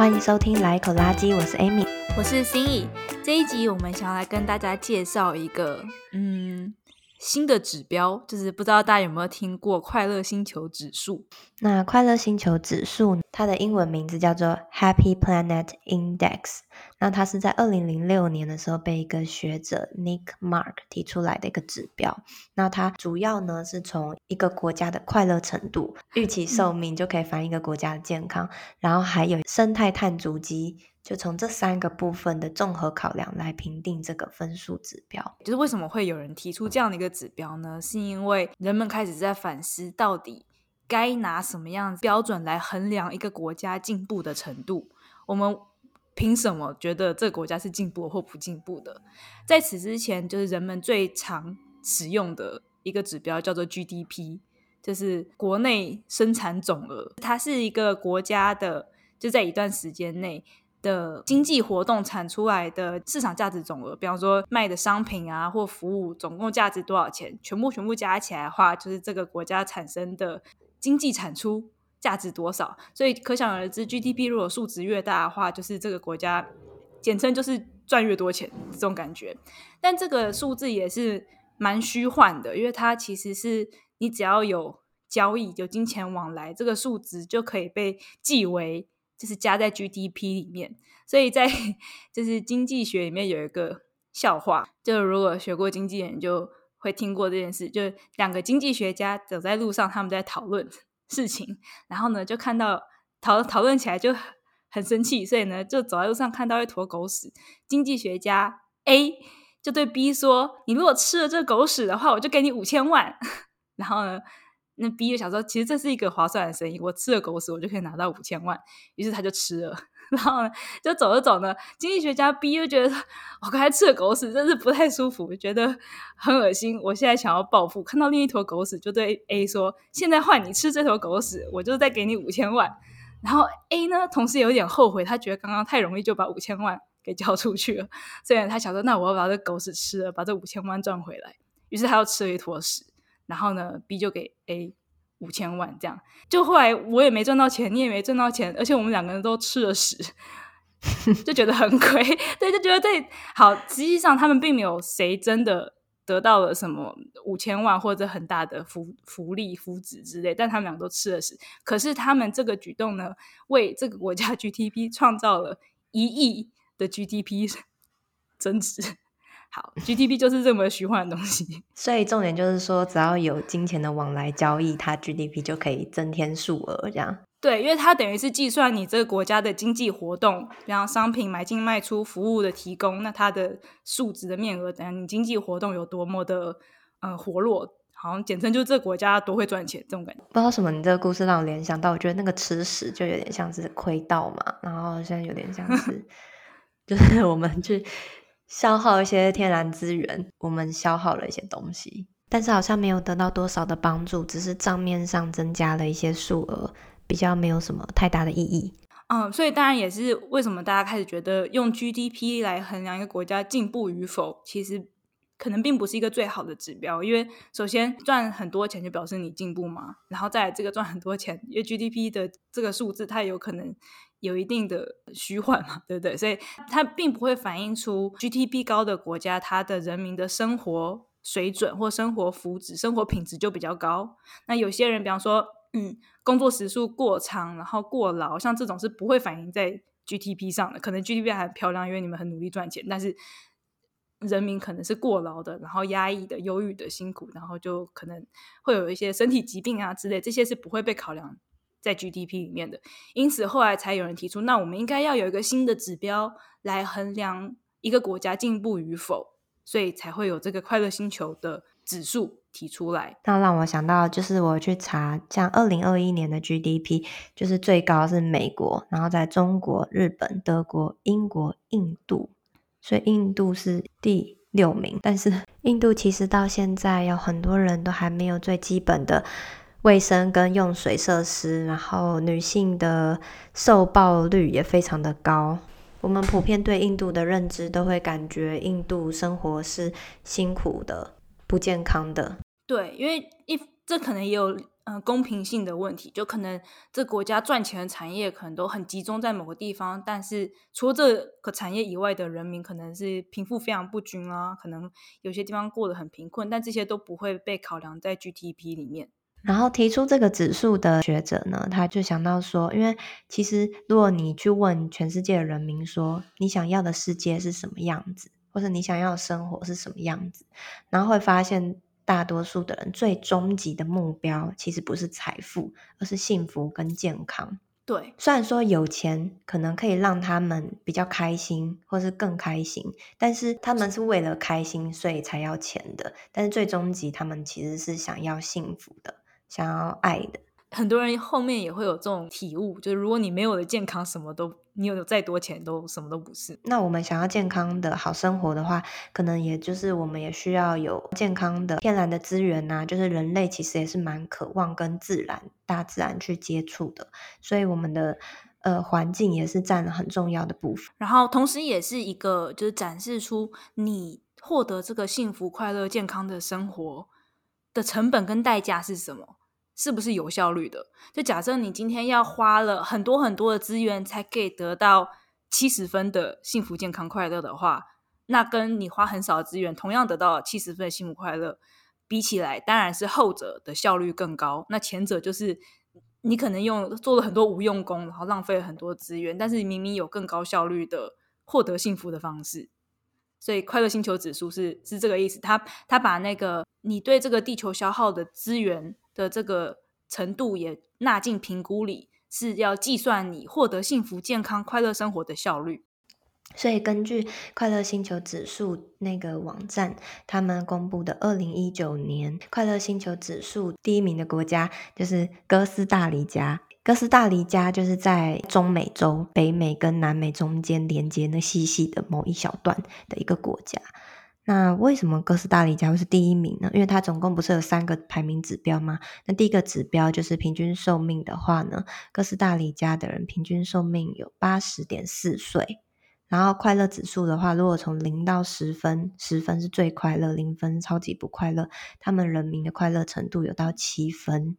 歡迎收聽《來一口垃圾》，我是 Amy，我是 Amy，我是心怡。這一集我們想要來跟大家介紹一個嗯新的指標，就是不知道大家有沒有聽過快樂星球指數？那快樂星球指數呢？它的英文名字叫做 Happy Planet Index。那它是在二零零六年的時候被一個學者 Nick Mark 提出來的一個指標。那它主要呢是從一個國家的快樂程度、預期壽命，就可以反映一個國家的健康，嗯，然後還有生態碳足跡，就從這三個部分的綜合考量來評定這個分數指標。就是為什麼會有人提出這樣的一個指標呢？是因為人們開始在反思到底，該拿什麼樣子標準來衡量一個國家進步的程度？我們憑什麼覺得這個國家是進步或不進步的？在此之前，就是人們最常使用的一個指標叫做 GDP，就是國內生產總值。它是一個國家的，就在一段時間內的經濟活動產出來的市場價值總額，比方說賣的商品啊或服務總共價值多少錢，全部全部加起來的話，就是這個國家產生的。經濟產出價值多少？所以可想而知，GDP 如果數值越大的話，就是這個國家，簡稱就是賺越多錢這種感覺。但這個數字也是蠻虛幻的，因為它其實是你只要有交易、有金錢往來，這個數值就可以被記為，就是加在 GDP 裡面。所以在就是經濟學裡面有一個笑話，就是如果學過經濟，研究。會聽過這件事，就兩個經濟學家走在路上，他們在討論事情，然後呢就看到，討討論起來就很生氣，所以呢就走在路上看到一坨狗屎，經濟學家 A 就對 B 說：“你如果吃了這個狗屎的話，我就給你五千萬。”然後呢，那 B 就想說：“其實這是一個划算的生意，我吃了狗屎我就可以拿到五千萬。”於是他就吃了。然後呢，就走著走著，經濟學家 B 又覺得我剛才吃了狗屎，真是不太舒服，覺得很噁心。我現在想要報復，看到另一坨狗屎，就對 A 說：“現在換你吃這坨狗屎，我就再給你五千萬。”然後 A 呢，同時有點後悔，他覺得剛剛太容易就把五千萬給交出去了。雖然他想說：“那我要把這狗屎吃了，把這五千萬賺回來。”於是他又吃了一坨屎。然後呢，B 就給 A。五千萬這樣，就後來我也沒賺到錢，你也沒賺到錢，而且我們兩個人都吃了屎，就覺得很虧，對，就覺得對好。實際上他們並沒有誰真的得到了什麼五千萬或者很大的福福利、福祉之類，但他們倆都吃了屎。可是他們這個舉動呢，為這個國家 GDP 創造了一億的 GDP 增值。好，GDP 就是這麼虛幻的東西。所以重點就是說，只要有金錢的往來交易，它 GDP 就可以增添數額。這樣對，因為它等於是計算你這個國家的經濟活動，然後商品買進賣出、服務的提供，那它的數值的面額，等你經濟活動有多麼的呃活絡，好像簡稱就是這個國家多會賺錢這種感覺。不知道什麼，你這個故事讓我聯想到，我覺得那個吃屎就有點像是虧到嘛，然後現在有點像是， 就是我們去。消耗一些天然資源，我們消耗了一些東西，但是好像沒有得到多少的幫助，只是賬面上增加了一些數額，比較沒有什麼太大的意義。嗯，所以當然也是為什麼大家開始覺得用 GDP 來衡量一個國家進步與否，其實可能並不是一個最好的指標，因為首先賺很多錢就表示你進步嘛，然後再來這個賺很多錢，因為 GDP 的這個數字它有可能。有一定的虛幻嘛，對不對？所以它並不會反映出 GDP 高的國家，它的人民的生活水準或生活福祉、生活品質就比較高。那有些人，比方說，嗯，工作時數過長，然後過勞，像這種是不會反映在 GDP 上的。可能 GDP 還很漂亮，因為你們很努力賺錢，但是人民可能是過勞的，然後壓抑的、憂鬱的、辛苦，然後就可能會有一些身體疾病啊之類，這些是不會被考量在 GDP 裡面的。因此後來才有人提出，那我們應該要有一個新的指標來衡量一個國家進步與否，所以才會有這個快樂星球的指數提出來。那讓我想到，就是我去查，像二零二一年的 GDP，就是最高是美國，然後在中國、日本、德國、英國、印度，所以印度是第六名。但是印度其實到現在有很多人都還沒有最基本的。衛生跟用水設施，然後女性的受暴率也非常的高。我們普遍對印度的認知都會感覺印度生活是辛苦的、不健康的。對，因為一這可能也有嗯、呃、公平性的問題，就可能這國家賺錢的產業可能都很集中在某個地方，但是除了這個產業以外的人民可能是貧富非常不均啊，可能有些地方過得很貧困，但這些都不會被考量在 GDP 裡面。然後提出這個指數的學者呢，他就想到說，因為其實如果你去問全世界的人民說，你想要的世界是什麼樣子，或者你想要的生活是什麼樣子，然後會發現大多數的人最終極的目標其實不是財富，而是幸福跟健康。對，雖然說有錢可能可以讓他們比較開心，或是更開心，但是他們是為了開心所以才要錢的，但是最終極他們其實是想要幸福的。想要愛的，很多人後面也會有這種體悟，就是如果你沒有了健康，什麼都，你有再多錢都什麼都不是。那我們想要健康的好生活的話，可能也就是我們也需要有健康的天然的資源啊，就是人類其實也是蠻渴望跟自然、大自然去接觸的，所以我們的呃環境也是佔了很重要的部分。然後同時也是一個就是展示，出你獲得這個幸福、快樂、健康的生活的成本跟代價是什麼。是不是有效率的？就假設你今天要花了很多很多的資源，才可以得到七十分的幸福、健康、快樂的話，那跟你花很少資源同樣得到七十分的幸福快樂比起來，當然是後者的效率更高。那前者就是你可能用做了很多無用功，然後浪費了很多資源，但是明明有更高效率的獲得幸福的方式。所以快樂星球指數是是這個意思。他他把那個你對這個地球消耗的資源。的這個程度也納進評估裡，是要計算你獲得幸福、健康、快樂生活的效率。所以，根據快樂星球指數那個網站，他們公布的二零一九年快樂星球指數第一名的國家就是哥斯大黎加。哥斯大黎加就是在中美洲、北美跟南美中間連接那細細的某一小段的一個國家。那為什麼哥斯大黎加會是第一名呢？因為它總共不是有三個排名指標嗎？那第一個指標就是平均壽命的話呢，哥斯大黎加的人平均壽命有八十點四歲。然後快樂指數的話，如果從零到十分，十分是最快樂，零分超級不快樂，他們人民的快樂程度有到七分。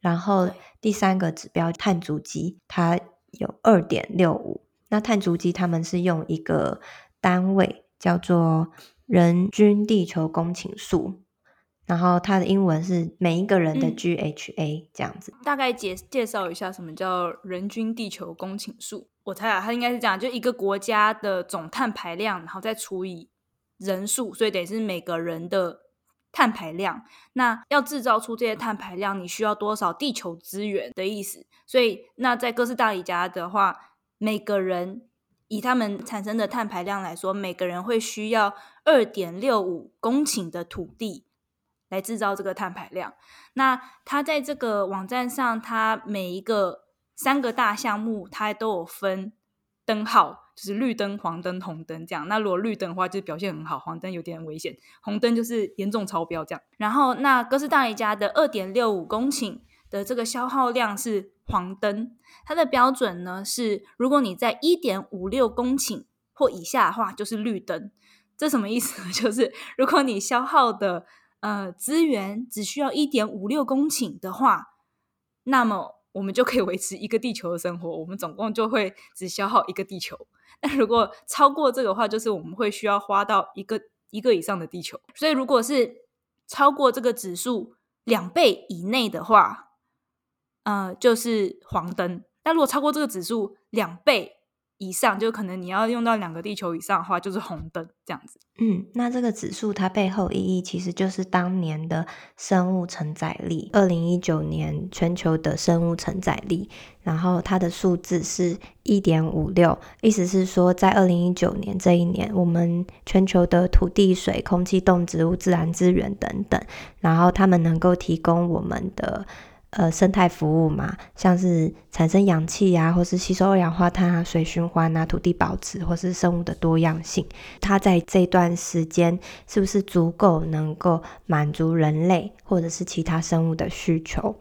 然後第三個指標，碳足跡，它有二點六五。那碳足跡他們是用一個單位叫做。人均地球公頃數，然後它的英文是每一個人的 GHA 這樣子。嗯、大概介介紹一下什麼叫人均地球公頃數。我猜啊，它應該是這樣，就一個國家的總碳排量，然後再除以人數，所以等於是每個人的碳排量。那要製造出這些碳排量，你需要多少地球資源的意思？所以那在哥斯達黎加的話，每個人以他們產生的碳排量來說，每個人會需要。二點六五公頃的土地來制造這個碳排量。那它在這個網站上，它每一個三個大項目，它都有分燈號，就是綠燈、黃燈、紅燈這樣。那如果綠燈的話，就是表現很好；黃燈有點危險；紅燈就是嚴重超標這樣。然後，那哥斯達黎加的二點六五公頃的這個消耗量是黃燈。它的標準呢是，如果你在一點五六公頃或以下的話，就是綠燈。這什麼意思呢？就是如果你消耗的呃資源只需要一點五六公頃的話，那麼我們就可以維持一個地球的生活，我們總共就會只消耗一個地球。那如果超過這個的話，就是我們會需要花到一個一個以上的地球。所以，如果是超過這個指數兩倍以內的話，呃，就是黃燈。那如果超過這個指數兩倍以上就可能你要用到兩個地球以上的話，就是紅燈這樣子。嗯，那這個指數它背後意義其實就是當年的生物承載力，二零一九年全球的生物承載力，然後它的數字是一點五六，意思是說在二零一九年這一年，我們全球的土地、水、空氣、動植物、自然資源等等，然後他們能夠提供我們的。呃，生態服務嘛，像是產生氧氣啊，或是吸收二氧化碳啊，水循環啊、土地保持，或是生物的多樣性，它在這段時間是不是足夠能夠滿足人類或者是其他生物的需求？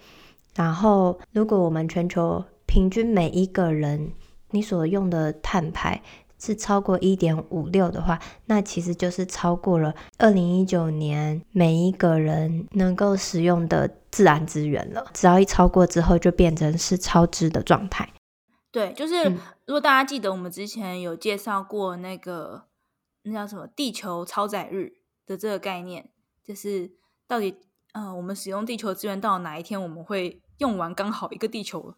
然後，如果我們全球平均每一個人你所用的碳排，是超過一點五六的話，那其實就是超過了二零一九年每一個人能夠使用的自然資源了。只要一超過之後，就變成是超支的狀態。對，就是、嗯、如果大家記得我們之前有介紹過那個那叫什麼“地球超載日”的這個概念，就是到底呃我們使用地球資源到哪一天我們會用完剛好一個地球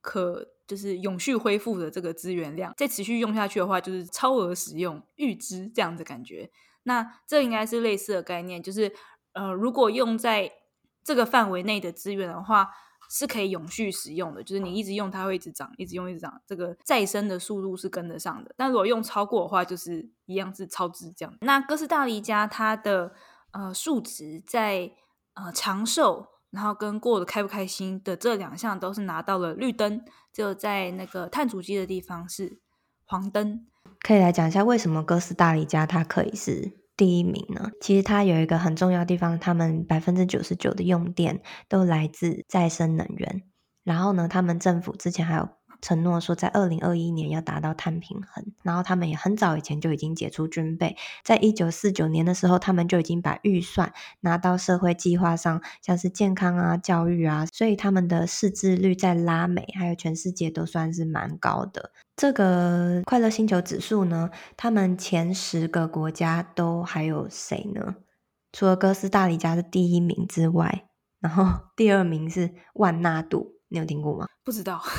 可。就是永續恢復的這個資源量，再持續用下去的話，就是超額使用、預支這樣的感覺。那這應該是類似的概念，就是呃，如果用在這個範圍內的資源的話，是可以永續使用的，就是你一直用它會一直漲，一直用一直漲，這個再生的速度是跟得上的。但如果用超過的話，就是一樣是超支這樣。那哥斯達黎加它的呃數值在呃長壽。然後跟過得開不開心的這兩項都是拿到了綠燈，只有在那個碳足跡的地方是黃燈。可以來講一下為什麼哥斯達黎加它可以是第一名呢？其實它有一個很重要的地方，他們百分之九十九的用電都來自再生能源。然後呢，他們政府之前還有。承諾說，在二零二一年要達到碳平衡。然後他們也很早以前就已經解除軍備，在一九四九年的時候，他們就已經把預算拿到社會計劃上，像是健康啊、教育啊，所以他們的識字率在拉美還有全世界都算是蠻高的。這個快樂星球指數呢，他們前十個國家都還有誰呢？除了哥斯大黎加的第一名之外，然後第二名是萬納度，你有聽過嗎？不知道。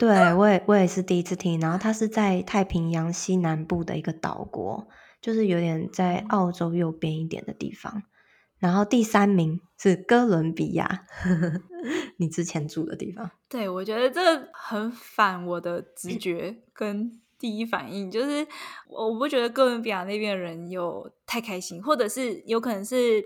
對，我也我也是第一次聽，然後它是在太平洋西南部的一個島國，就是有點在澳洲右邊一點的地方。然後第三名是哥倫比亞，呵呵，你之前住的地方。 對，我覺得這很反我的直覺跟第一反應，就是我不覺得哥倫比亞那邊人有太開心，或者是有可能是。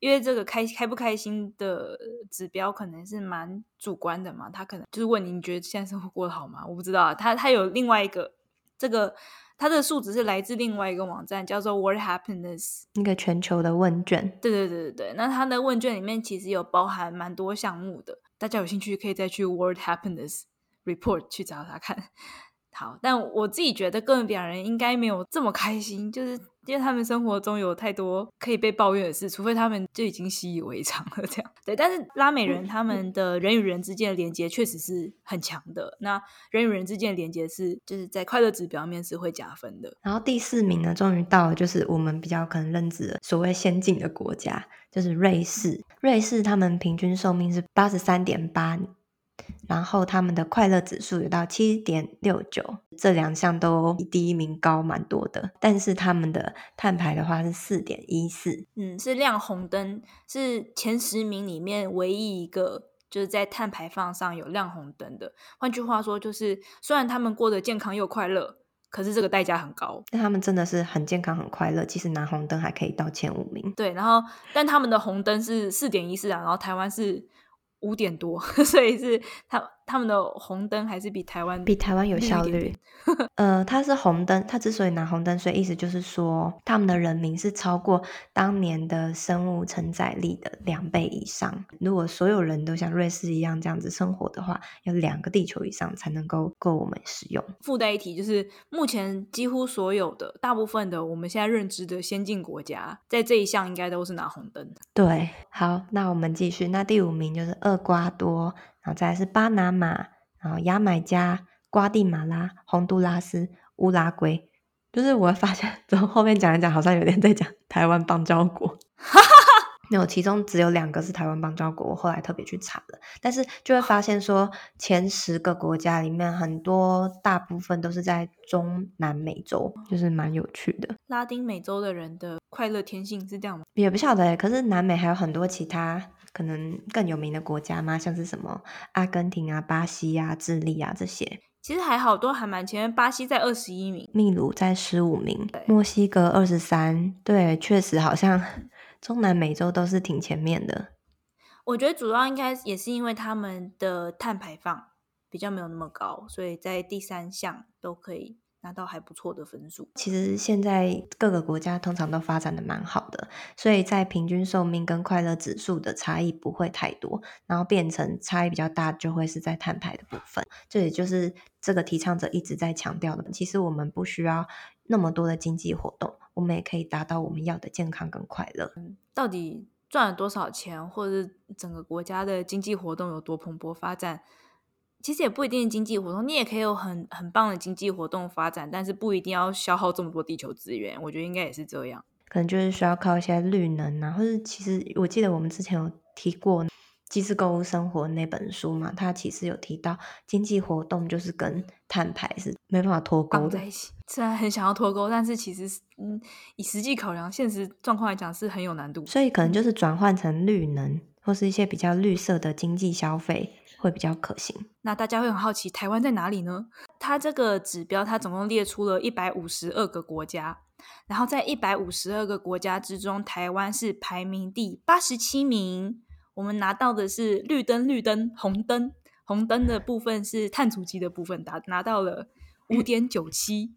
因為這個開開不開心的指標可能是蠻主觀的嘛，他可能就是問你，你覺得現在生活過得好嗎？我不知道啊，他他有另外一個這個，他的數值是來自另外一個網站叫做 World Happiness 那個全球的問卷。對對對對對，那他的問卷裡面其實有包含蠻多項目的，大家有興趣可以再去 World Happiness Report 去找他看。好，但我自己覺得個人表演應該沒有這麼開心，就是。因為他們生活中有太多可以被抱怨的事，除非他們就已經習以為常了這樣。對，但是拉美人他們的人與人之間的連接確實是很強的。那人與人之間的連接是就是在快樂指標上面是會加分的。然後第四名呢，終於到了，就是我們比較可能認知的所謂先進的國家，就是瑞士。瑞士他們平均壽命是八十三點八年。然後他們的快樂指數有到七點六九，這兩項都比第一名高蠻多的。但是他們的碳排的話是四點一四，嗯，是亮紅燈，是前十名裡面唯一一個就是在碳排放上有亮紅燈的。換句話說，就是雖然他們過得健康又快樂，可是這個代價很高。但他們真的是很健康很快樂，其實拿紅燈還可以到前五名。對，然後但他們的紅燈是四點一四啊，然後台灣是。五點多，所以是他。他們的紅燈還是比台灣比台灣有效率。 呃，它是紅燈，它之所以拿紅燈，所以意思就是說，他們的人民是超過當年的生物承載力的兩倍以上。如果所有人都像瑞士一樣這樣子生活的話，有兩個地球以上才能夠夠我們使用。附帶一提，就是目前幾乎所有的大部分的我們現在認知的先進國家，在這一項應該都是拿紅燈。對，好，那我們繼續。那第五名就是厄瓜多。然後再來是巴拿馬，然後牙買加、瓜地馬拉、洪都拉斯、烏拉圭，就是我發現從後面講一講，好像有點在講台灣邦交國。 沒有，其中只有兩個是台灣邦交國。我後來特別去查了，但是就會發現說，前十個國家裡面，很多大部分都是在中南美洲，就是蠻有趣的。拉丁美洲的人的快樂天性是這樣嗎？也不曉得欸。可是南美還有很多其他，可能更有名的國家嗎？像是什麼阿根廷啊、巴西啊、智利啊這些，其實還好，都還蠻前面。巴西在二十一名，秘魯在十五名，墨西哥二十三。對，確實好像中南美洲都是挺前面的。我覺得主要應該也是因為他們的碳排放比較沒有那麼高，所以在第三項都可以。拿到還不錯的分數。其實現在各個國家通常都發展的蠻好的，所以在平均壽命跟快樂指數的差異不會太多，然後變成差異比較大，就會是在碳排的部分。這也就是這個提倡者一直在強調的，其實我們不需要那麼多的經濟活動，我們也可以達到我們要的健康跟快樂。嗯，到底賺了多少錢，或者整個國家的經濟活動有多蓬勃發展？其實也不一定經濟活動，你也可以有很很棒的經濟活動發展，但是不一定要消耗這麼多地球資源。我覺得應該也是這樣，可能就是需要靠一些綠能啊，或是其實我記得我們之前有提過《極致購物生活》那本書嘛，它其實有提到經濟活動就是跟碳排是沒辦法脫鈎在一起。雖然很想要脫鈎，但是其實嗯，以實際考量、現實狀況來講是很有難度，所以可能就是轉換成綠能或是一些比較綠色的經濟消費。會比較可行。那大家會很好奇，台灣在哪裡呢？它這個指標，它總共列出了一百五十二個國家，然後在一百五十二個國家之中，台灣是排名第八十七名。我們拿到的是綠燈，綠燈，紅燈，紅燈的部分是碳足跡的部分，達拿到了五點九七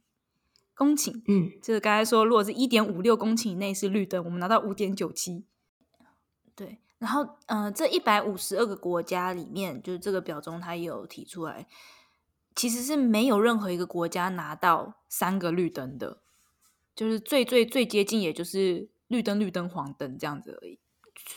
公頃。嗯，就是剛才說，如果是一點五六公頃以內是綠燈，我們拿到五點九七，對。然後，嗯、呃，這一百五十二個國家裡面，就是這個表中，他也有提出來，其實是沒有任何一個國家拿到三個綠燈的，就是最最最接近，也就是綠燈、綠燈、黃燈這樣子而已。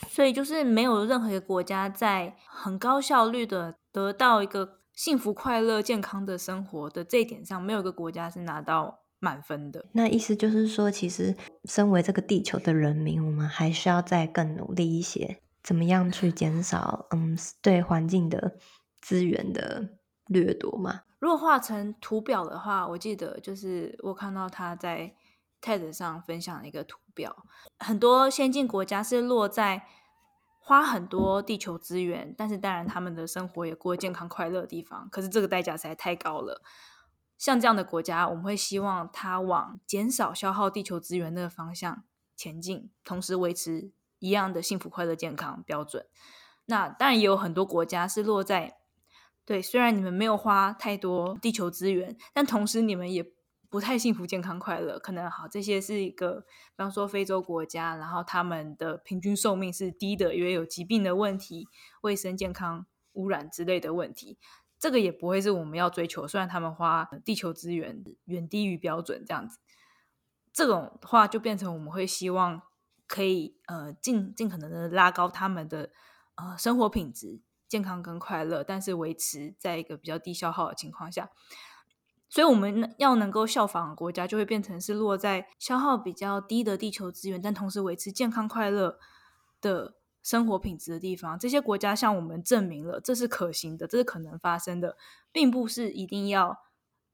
所以，就是沒有任何一個國家在很高效率的得到一個幸福、快樂、健康的生活的這一點上，沒有一個國家是拿到滿分的。那意思就是說，其實身為這個地球的人民，我們還需要再更努力一些。怎麼樣去減少嗯對環境的資源的掠奪嘛？如果畫成圖表的話，我記得就是我看到他在 TED 上分享了一個圖表，很多先進國家是落在花很多地球資源，但是當然他們的生活也過健康快樂的地方，可是這個代價實在太高了。像這樣的國家，我們會希望他往減少消耗地球資源的方向前進，同時維持。一樣的幸福、快樂、健康標準。那當然也有很多國家是落在對，雖然你們沒有花太多地球資源，但同時你們也不太幸福、健康、快樂。可能好，這些是一個，比方說非洲國家，然後他們的平均壽命是低的，因為有疾病的問題、衛生健康、污染之類的問題。這個也不會是我們要追求，雖然他們花地球資源遠低於標準，這樣子，這種話就變成我們會希望。可以呃盡盡可能的拉高他們的呃生活品質、健康跟快樂，但是維持在一個比較低消耗的情況下。所以我們要能夠效仿的國家，就會變成是落在消耗比較低的地球資源，但同時維持健康快樂的生活品質的地方。這些國家向我們證明了這是可行的，這是可能發生的，並不是一定要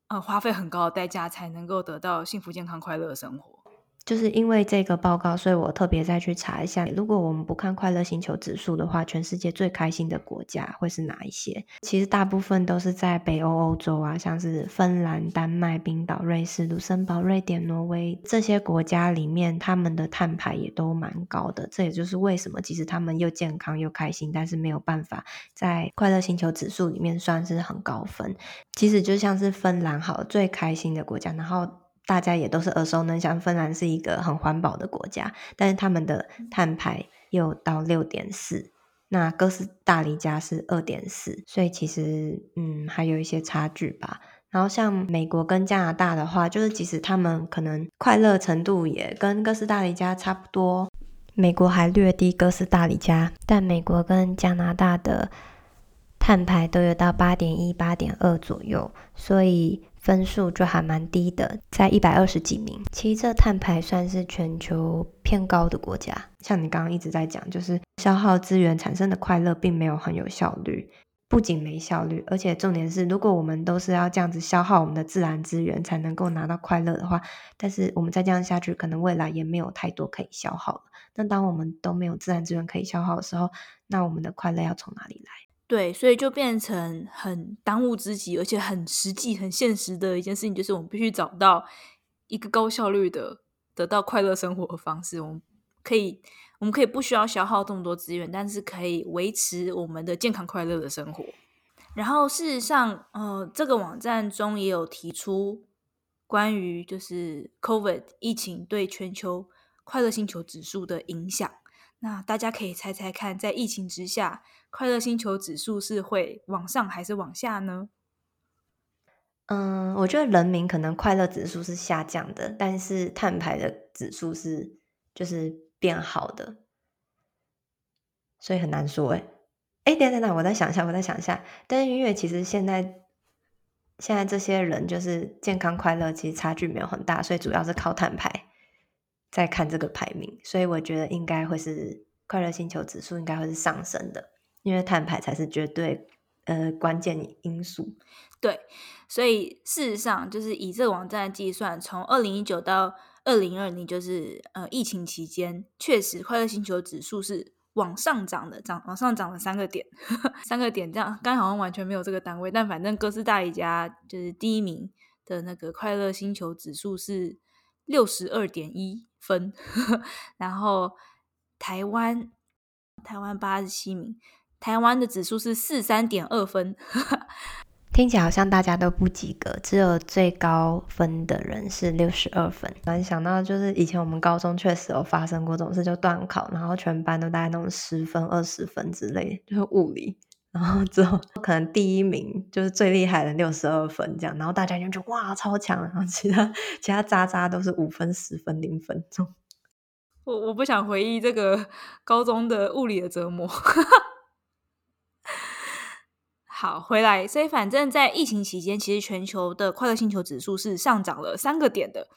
呃花費很高的代價才能夠得到幸福、健康、快樂的生活。就是因為這個報告，所以我特別再去查一下。如果我們不看快樂星球指數的話，全世界最開心的國家會是哪一些？其實大部分都是在北歐歐洲啊，像是芬蘭、丹麥、冰島、瑞士、盧森堡、瑞典、挪威這些國家裡面，他們的碳排也都蠻高的。這也就是為什麼，其實他們又健康又開心，但是沒有辦法在快樂星球指數裡面算是很高分。其實就像是芬蘭好了，最開心的國家，然後。大家也都是耳熟能詳，像芬蘭是一個很環保的國家，但是他們的碳排有到六點四，那哥斯達黎加是二點四，所以其實嗯，還有一些差距吧。然後像美國跟加拿大的話，就是即使他們可能快樂程度也跟哥斯達黎加差不多，美國還略低哥斯達黎加，但美國跟加拿大的碳排都有到八點一、八點二左右，所以。分數就還蠻低的，在一百二十幾名。其實這碳排算是全球偏高的國家。像你剛剛一直在講，就是消耗資源產生的快樂，並沒有很有效率。不僅沒效率，而且重點是，如果我們都是要這樣子消耗我們的自然資源才能夠拿到快樂的話，但是我們再這樣下去，可能未來也沒有太多可以消耗了。那當我們都沒有自然資源可以消耗的時候，那我們的快樂要從哪裡來？對，所以就變成很當務之急，而且很實際、很現實的一件事情，就是我們必須找到一個高效率的、得到快樂生活的方式。我們可以，我們可以不需要消耗這麼多資源，但是可以維持我們的健康、快樂的生活。然後，事實上，呃，這個網站中也有提出關於就是 COVID 疫情對全球快樂星球指數的影響。那大家可以猜猜看，在疫情之下，快樂星球指數是會往上還是往下呢？嗯，我覺得人民可能快樂指數是下降的，但是碳排的指數是就是變好的，所以很難說。誒誒等等等，我再想一下，我再想一下。但是因為其實現在現在這些人就是健康快樂，其實差距沒有很大，所以主要是靠碳排，在看這個排名，所以我覺得應該會是快樂星球指數應該會是上升的，因為碳排才是絕對呃關鍵因素。對，所以事實上就是以這個網站計算，從二零一九到二零二零，就是呃疫情期間，確實快樂星球指數是往上漲的，漲往上漲了三個點， 三個點這樣，剛好像完全沒有這個單位，但反正哥斯大黎加就是第一名的那個快樂星球指數是。六十二點一分， 然後台灣台灣八十七名，台灣的指數是四三點二分， 聽起來好像大家都不及格，只有最高分的人是六十二分。突然想到，就是以前我們高中確實有發生過這種事，就段考，然後全班都大概弄十分、二十分之類的，就是物理。然後之後，可能第一名就是最厲害的六十二分這樣，然後大家就覺得哇超強，然後其他其他渣渣都是五分、十分、零分鐘，我我不想回憶這個高中的物理的折磨。 好，回來，所以反正在疫情期間，其實全球的快樂星球指數是上漲了三個點的。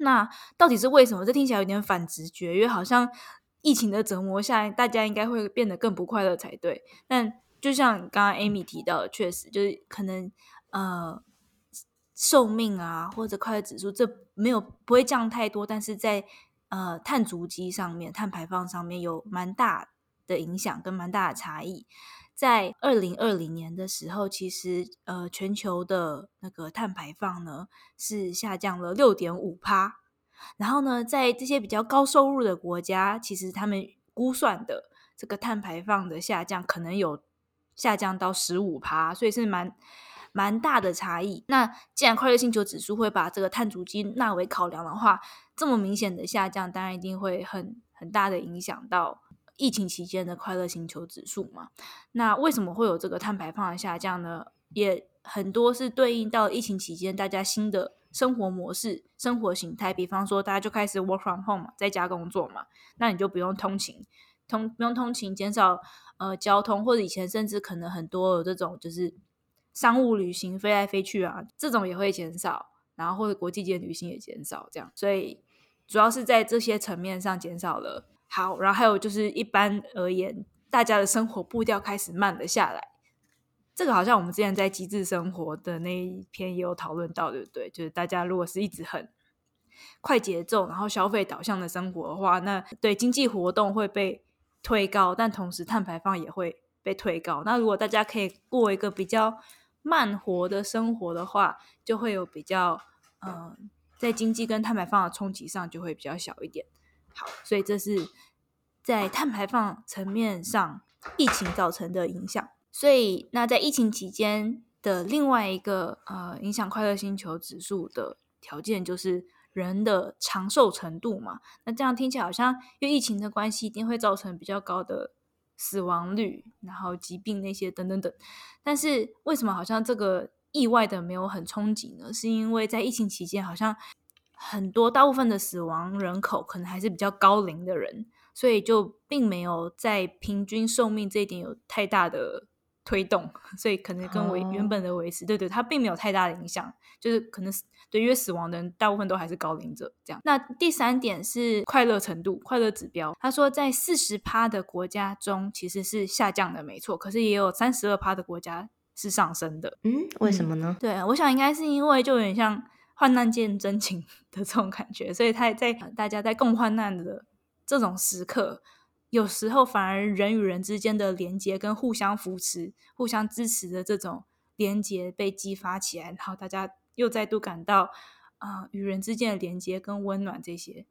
那到底是為什麼？這聽起來有點反直覺，因為好像。疫情的折磨下，大家應該會變得更不快樂才對。但就像剛剛 Amy 提到確實就是可能呃壽命啊或者快樂指數這沒有不會降太多，但是在呃碳足跡上面，碳排放上面有蠻大的影響跟蠻大的差異。在二零二零年的時候，其實呃全球的那個碳排放呢是下降了六點五趴。然後呢，在這些比較高收入的國家，其實他們估算的這個碳排放的下降可能有下降到十五趴，所以是蠻蠻大的差異。那既然快樂星球指數會把這個碳足跡納為考量的話，這麼明顯的下降，當然一定會很很大的影響到疫情期間的快樂星球指數嘛。那為什麼會有這個碳排放的下降呢？也很多是對應到疫情期間大家新的。生活模式、生活形態，比方說大家就開始 work from home 在家工作嘛，那你就不用通勤，通不用通勤，減少呃交通，或者以前甚至可能很多的這種就是商務旅行飛來飛去啊，這種也會減少，然後或者國際間旅行也減少，這樣，所以主要是在這些層面上減少了。好，然後還有就是一般而言，大家的生活步調開始慢了下來。這個好像我們之前在極致生活的那一篇也有討論到，對不對？就是大家如果是一直很快節奏，然後消費導向的生活的話，那對經濟活動會被推高，但同時碳排放也會被推高。那如果大家可以過一個比較慢活的生活的話，就會有比較嗯、呃，在經濟跟碳排放的衝擊上就會比較小一點。好，所以這是在碳排放層面上疫情造成的影響。所以，那在疫情期間的另外一個呃，影響快樂星球指數的條件，就是人的長壽程度嘛。那這樣聽起來好像，因為疫情的關係，一定會造成比較高的死亡率，然後疾病那些等等等。但是為什麼好像這個意外的沒有很衝擊呢？是因為在疫情期間，好像很多大部分的死亡人口可能還是比較高齡的人，所以就並沒有在平均壽命這一點有太大的。推動，所以可能跟維原本的維持，oh. 對對，它並沒有太大的影響，就是可能對，因為死亡的人大部分都還是高齡者這樣。那第三點是快樂程度、快樂指標，他說在四十趴的國家中其實是下降的，沒錯，可是也有三十二趴的國家是上升的。嗯，為什麼呢？嗯、對，我想應該是因為就有點像患難見真情的這種感覺，所以他在、呃、大家在共患難的這種時刻。有時候反而人與人之間的連接跟互相扶持、互相支持的這種連接被激發起來，然後大家又再度感到啊、呃，與人之間的連接跟溫暖這些，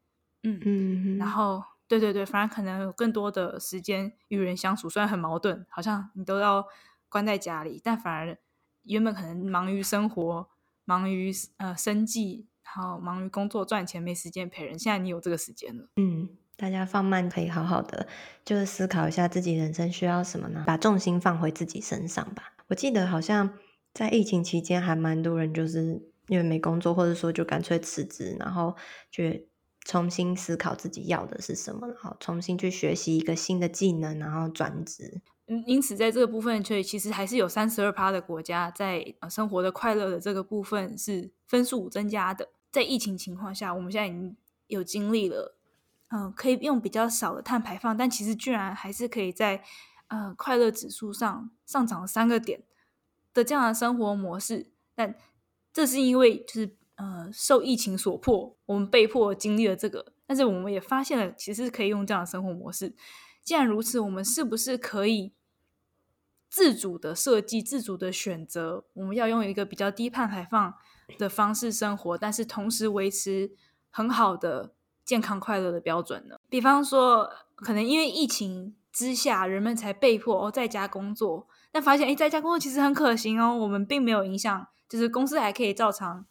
嗯嗯，然後對對對，反而可能有更多的時間與人相處。雖然很矛盾，好像你都要關在家裡，但反而原本可能忙於生活、忙於呃生計，然後忙於工作賺錢沒時間陪人，現在你有這個時間了，嗯。大家放慢，可以好好的，就是思考一下自己人生需要什麼呢？把重心放回自己身上吧。我記得好像在疫情期間，還蠻多人就是因為沒工作，或者說就乾脆辭職，然後就重新思考自己要的是什麼，然後重新去學習一個新的技能，然後轉職。嗯，因此在這個部分，所以其實還是有三十二趴的國家在生活的快樂的這個部分是分數增加的。在疫情情況下，我們現在已經有經歷了。嗯、呃，可以用比較少的碳排放，但其實居然還是可以在，呃，快樂指數上上漲了三個點的這樣的生活模式。但這是因為就是呃受疫情所迫，我們被迫經歷了這個，但是我們也發現了其實可以用這樣的生活模式。既然如此，我們是不是可以自主的設計、自主的選擇，我們要用一個比較低碳排放的方式生活，但是同時維持很好的。健康快樂的標準呢？比方說，可能因為疫情之下，人們才被迫哦在家工作，但發現哎，在家工作其實很可行哦。我們並沒有影響，就是公司還可以照常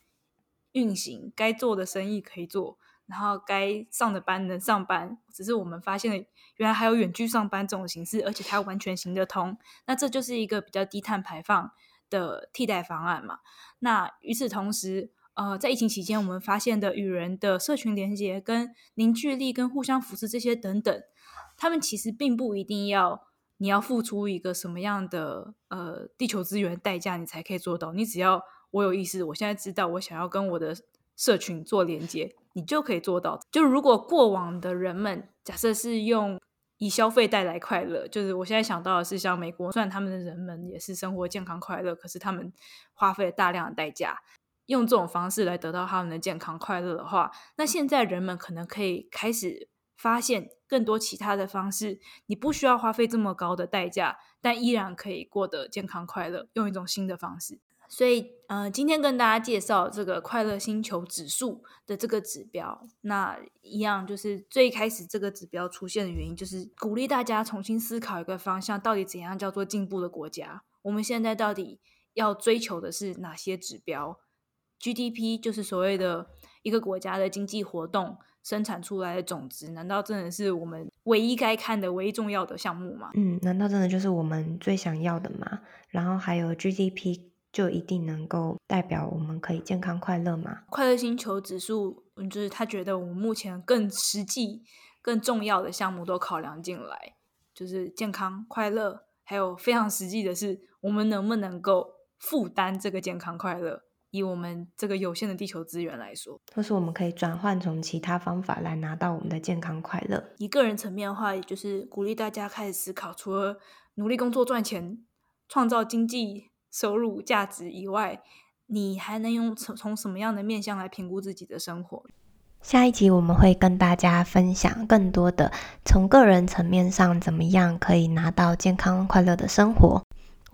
運行，該做的生意可以做，然後該上的班能上班。只是我們發現了，原來還有遠距上班這種形式，而且它完全行得通。那這就是一個比較低碳排放的替代方案嘛。那與此同時，呃，在疫情期間，我們發現的與人的社群連接、跟凝聚力、跟互相扶持這些等等，他們其實並不一定要你要付出一個什麼樣的呃地球資源代價，你才可以做到。你只要我有意思，我現在知道我想要跟我的社群做連接，你就可以做到。就如果過往的人們，假設是用以消費帶來快樂，就是我現在想到的是像美國，雖然他們的人們也是生活健康快樂，可是他們花費了大量的代價。用這種方式來得到他們的健康快樂的話，那現在人們可能可以開始發現更多其他的方式，你不需要花費這麼高的代價，但依然可以過得健康快樂，用一種新的方式。嗯、所以，嗯、呃，今天跟大家介紹這個快樂星球指數的這個指標，那一樣就是最開始這個指標出現的原因，就是鼓勵大家重新思考一個方向，到底怎樣叫做進步的國家？我們現在到底要追求的是哪些指標？GDP 就是所謂的一個國家的經濟活動生產出來的總值，難道真的是我們唯一該看的、唯一重要的項目嗎？嗯，難道真的就是我們最想要的嗎？然後還有 GDP 就一定能夠代表我們可以健康快樂嗎？快樂星球指數，嗯，就是他覺得我們目前更實際、更重要的項目都考量進來，就是健康、快樂，還有非常實際的是我們能不能夠負擔這個健康快樂。以我們這個有限的地球資源來說，或、就是我們可以轉換從其他方法來拿到我們的健康快樂。以個人層面的話，也就是鼓勵大家開始思考，除了努力工作賺錢、創造經濟收入價值以外，你還能用從，從什麼樣的面向來評估自己的生活？下一集我們會跟大家分享更多的從個人層面上怎麼樣可以拿到健康快樂的生活。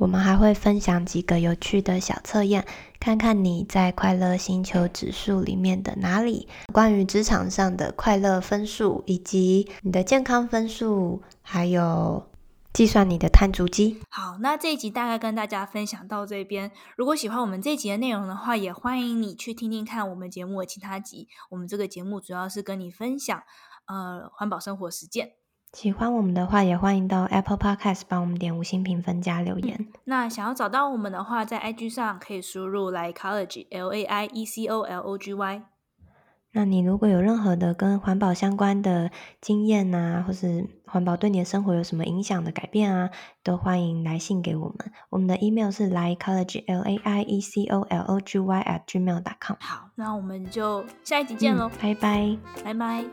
我們還會分享幾個有趣的小測驗，看看你在快樂星球指數裡面的哪裡。關於職場上的快樂分數，以及你的健康分數，還有計算你的碳足跡。好，那這一集大概跟大家分享到這邊。如果喜歡我們這集的內容的話，也歡迎你去聽聽看我們節目的其他集。我們這個節目主要是跟你分享，呃，環保生活實踐。喜歡我們的話，也歡迎到 Apple Podcast 幫我們點五星評分加留言。嗯、那想要找到我們的話，在 IG 上可以輸入來 ecology，l a i e c o l o g y。那你如果有任何的跟環保相關的經驗吶、啊，或是環保對你的生活有什麼影響的改變啊，都歡迎來信給我們。我們的 email 是來 ecology，l a i e c o l o g y at gmail dot com。好，那我們就下一集見嘍、嗯，拜拜，拜拜。